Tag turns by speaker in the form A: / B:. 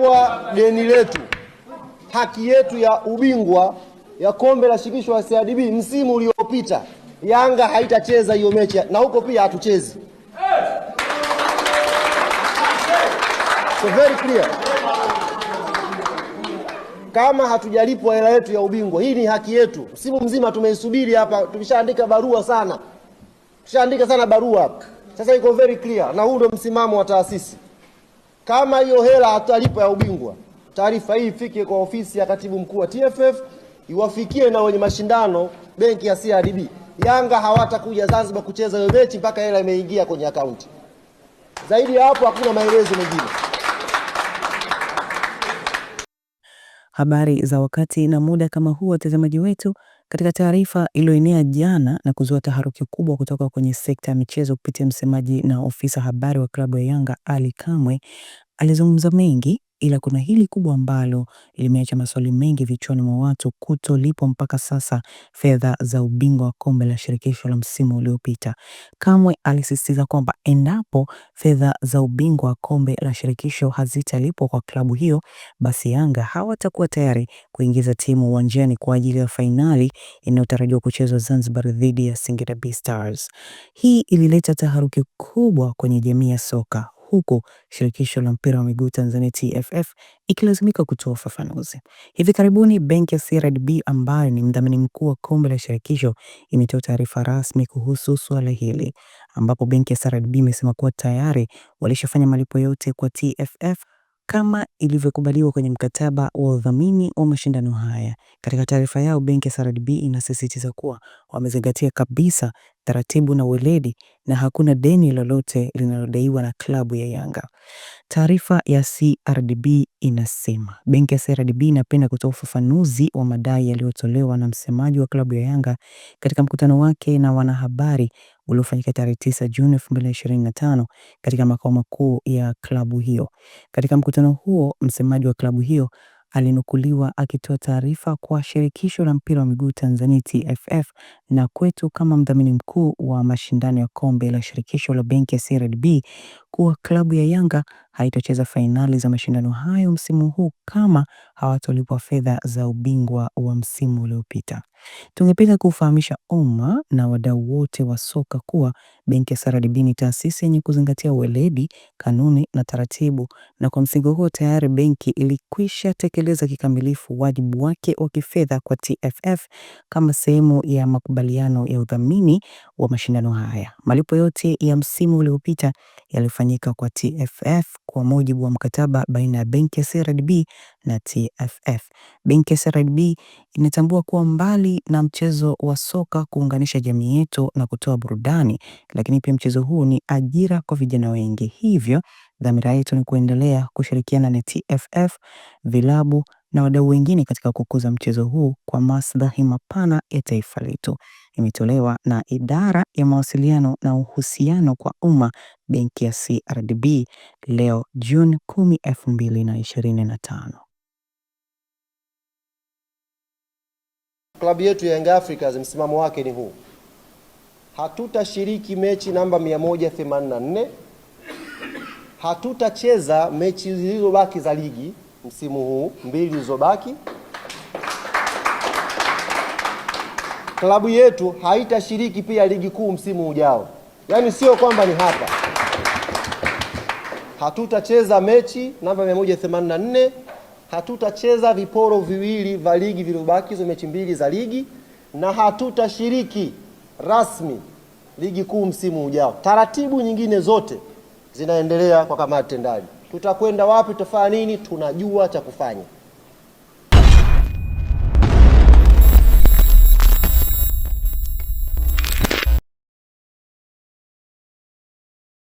A: kwa deni letu, haki yetu ya ubingwa ya kombe la shirikisho la CRDB msimu uliopita, Yanga haitacheza hiyo mechi na huko pia hatuchezi. So very clear, kama hatujalipwa hela yetu ya ubingwa, hii ni haki yetu. Msimu mzima tumeisubiri hapa, tumeshaandika barua sana, tushaandika sana barua Sasa iko very clear, na huu ndio msimamo wa taasisi. Kama hiyo hela hatalipa ya ubingwa, taarifa hii ifike kwa ofisi ya katibu mkuu wa TFF, iwafikie na wenye mashindano benki ya CRDB. Yanga hawatakuja Zanzibar kucheza hiyo mechi mpaka hela imeingia kwenye akaunti. Zaidi ya hapo hakuna maelezo mengine.
B: habari za wakati na muda kama huu, watazamaji wetu, katika taarifa iliyoenea jana na kuzua taharuki kubwa kutoka kwenye sekta ya michezo kupitia msemaji na ofisa habari wa klabu ya Yanga Ali Kamwe alizungumza mengi ila kuna hili kubwa ambalo limeacha maswali mengi vichwani mwa watu, kutolipwa mpaka sasa fedha za ubingwa wa kombe la shirikisho la msimu uliopita. Kamwe alisisitiza kwamba endapo fedha za ubingwa wa kombe la shirikisho hazitalipwa kwa klabu hiyo, basi Yanga hawatakuwa tayari kuingiza timu uwanjani kwa ajili ya fainali inayotarajiwa kuchezwa Zanzibar dhidi ya Singida B Stars. Hii ilileta taharuki kubwa kwenye jamii ya soka huku shirikisho la mpira wa miguu Tanzania TFF ikilazimika kutoa ufafanuzi. Hivi karibuni benki ya CRDB ambayo ni mdhamini mkuu wa kombe la shirikisho imetoa taarifa rasmi kuhusu suala hili, ambapo benki ya CRDB imesema kuwa tayari walishafanya malipo yote kwa TFF kama ilivyokubaliwa kwenye mkataba wa udhamini wa mashindano haya. Katika taarifa yao, benki ya CRDB inasisitiza kuwa wamezingatia kabisa taratibu na weledi na hakuna deni lolote linalodaiwa na klabu ya Yanga. Taarifa ya CRDB inasema benki ya CRDB inapenda kutoa ufafanuzi wa madai yaliyotolewa na msemaji wa klabu ya Yanga katika mkutano wake na wanahabari uliofanyika tarehe 9 Juni 2025 katika makao makuu ya klabu hiyo. Katika mkutano huo, msemaji wa klabu hiyo alinukuliwa akitoa taarifa kwa shirikisho la mpira wa miguu Tanzania TFF na kwetu kama mdhamini mkuu wa mashindano ya kombe la shirikisho la benki ya CRDB kuwa klabu ya Yanga haitocheza fainali za mashindano hayo msimu huu kama hawatolipwa fedha za ubingwa wa msimu uliopita. Tungependa kufahamisha umma na wadau wote wa soka kuwa Benki ya CRDB ni taasisi yenye kuzingatia uweledi, kanuni na taratibu, na kwa msingi huo tayari benki ilikwisha tekeleza kikamilifu wajibu wake wa kifedha kwa TFF kama sehemu ya makubaliano ya udhamini wa mashindano haya. Malipo yote ya msimu uliopita yalifanyika kwa TFF kwa mujibu wa mkataba baina ya benki ya CRDB na TFF. Benki ya CRDB inatambua kuwa mbali na mchezo wa soka kuunganisha jamii yetu na kutoa burudani, lakini pia mchezo huu ni ajira kwa vijana wengi. Hivyo, dhamira yetu ni kuendelea kushirikiana na TFF, vilabu na wadau wengine katika kukuza mchezo huu kwa maslahi mapana ya taifa letu. Imetolewa na Idara ya Mawasiliano na Uhusiano kwa Umma, Benki ya CRDB leo Juni 10, 2025.
A: Klabu yetu ya Young Africans msimamo wake ni huu: hatutashiriki mechi namba 184, hatutacheza mechi zilizobaki za ligi msimu huu mbili zilizobaki. Klabu yetu haitashiriki pia ligi kuu msimu ujao, yaani sio kwamba ni hapa. Hatutacheza mechi namba 184, hatutacheza viporo viwili vya ligi vilivyobaki, hizo mechi mbili za ligi, na hatutashiriki rasmi ligi kuu msimu ujao. Taratibu nyingine zote zinaendelea kwa kamati tendaji tutakwenda wapi, tutafanya nini, tunajua cha kufanya.